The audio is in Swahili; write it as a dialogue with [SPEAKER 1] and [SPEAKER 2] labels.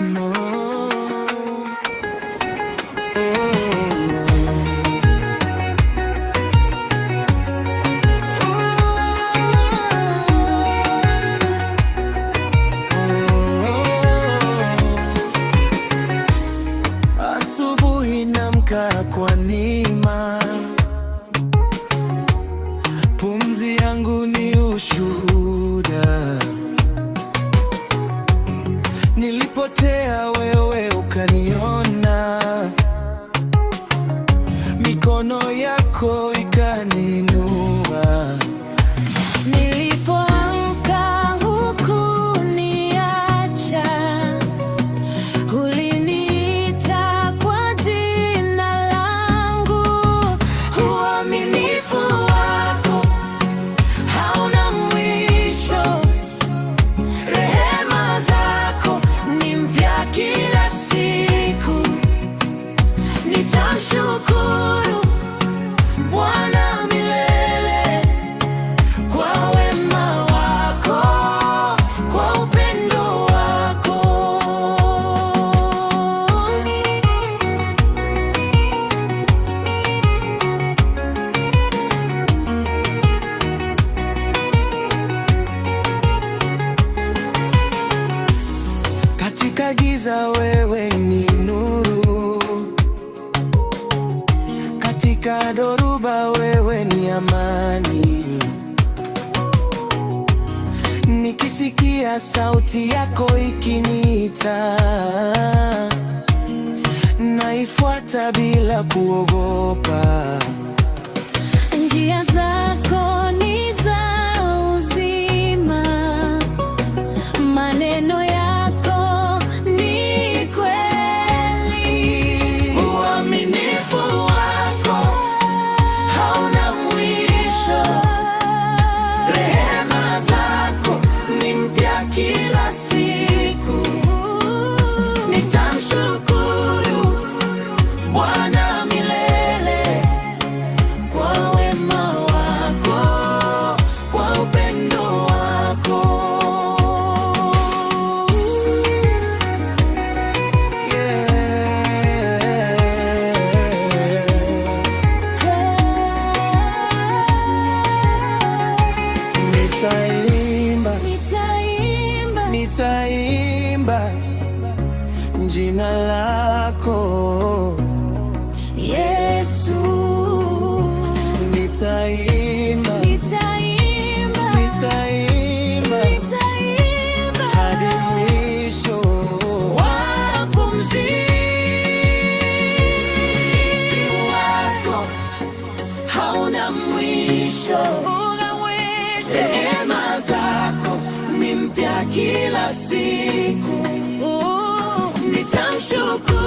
[SPEAKER 1] No. Nilipotea wewe ukaniona, mikono yako sauti yako ikiniita, naifuata bila kuogopa. nitaimba jina lako
[SPEAKER 2] Yesu,
[SPEAKER 1] nitaimba
[SPEAKER 2] nitaimba
[SPEAKER 1] nitaimba
[SPEAKER 2] nitaimba
[SPEAKER 1] hadi mwisho
[SPEAKER 3] wa pumzi wako hauna mwisho kila siku, nitamshukuru